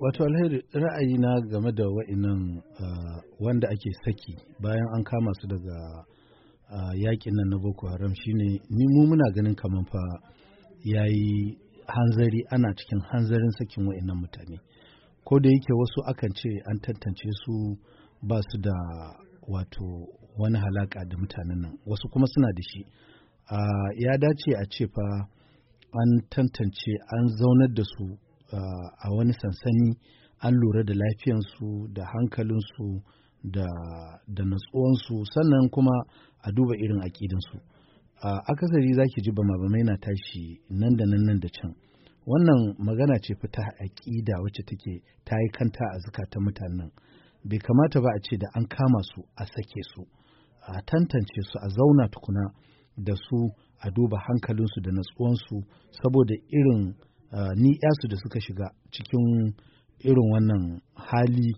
Wato alheri ra'ayina game da wa'inan ah, wanda ake saki bayan an kama su daga ah, yakin nan na Boko Haram shine ni mu muna ganin kamar fa yayi hanzari ana cikin hanzarin sakin wa'inan mutane. Ko da yake wasu akan ce an tantance su ba su da wato wani halaka da mutanen nan wasu kuma suna da shi. Ah, ya dace a ce fa an tantance an zaunar da su a wani sansani an lura da lafiyansu da hankalinsu da, natsuwansu sannan kuma a duba irin aƙidinsu akasari za ki ji ba mabamai na tashi nan da nan da can wannan magana ce fita aƙida wacce take ta yi kanta a zukatan mutanen bai kamata ba a ce da an kama su a sake su a tantance su a zauna tukuna da su a duba hankalinsu da natsuwansu saboda irin Ah, ni yasu da suka shiga cikin irin wannan hali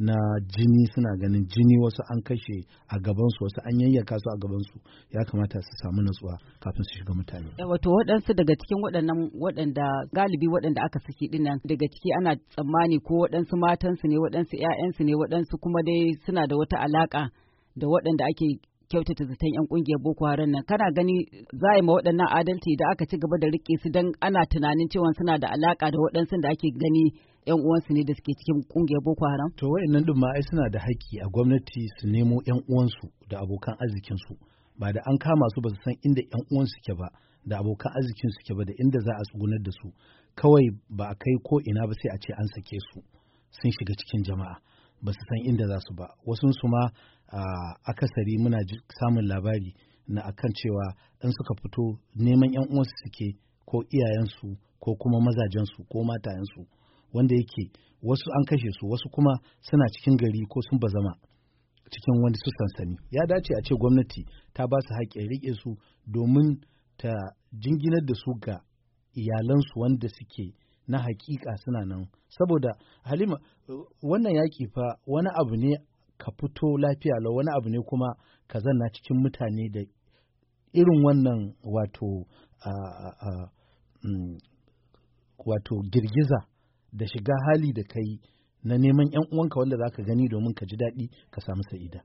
na jini suna ganin jini wasu an kashe a gabansu wasu an yayyaka su a gabansu ya kamata su samu natsuwa kafin su shiga mutane. Eh, wato waɗansu daga cikin waɗannan waɗanda galibi waɗanda aka saki dinnan daga ciki ana tsammani ko waɗansu matansu ne waɗansu ‘ya'yansu ne waɗansu kuma dai suna da wata alaƙa da waɗanda ake kyautata zaton 'yan kungiyar Boko Haram nan kana gani za a yi ma waɗannan adalci da aka ci gaba da rike su don ana tunanin cewa suna da alaka da waɗansu da ake gani 'yan uwansu ne da suke cikin kungiyar Boko Haram? To wayannan ɗin ma ai suna da haƙƙi a gwamnati su nemo 'yan uwansu da abokan arzikinsu ba da an kama su ba su san inda 'yan uwansu ke ba da abokan arzikin su ke ba da inda za a tsugunar da su kawai ba a kai ko ina ba sai a ce an sake su sun shiga cikin jama'a ba su san inda za su ba wasu su ma akasari muna samun labari na akan cewa in suka fito neman yan uwansu suke ko iyayensu ko kuma mazajensu ko matayensu wanda yake wasu an kashe su wasu kuma suna cikin gari ko sun zama cikin wani su sansani ya dace a ce gwamnati ta ba su haƙƙin riƙe su domin ta jinginar da su ga iyalansu wanda suke na hakika suna nan saboda halima wannan yaƙi fa wani abu ne ka fito lafiya lau wani abu ne kuma ka zanna cikin mutane da irin wannan wato mm, wato girgiza da shiga hali da kai na neman 'yan uwanka wanda za ka gani domin ka ji daɗi ka samu sa'ida.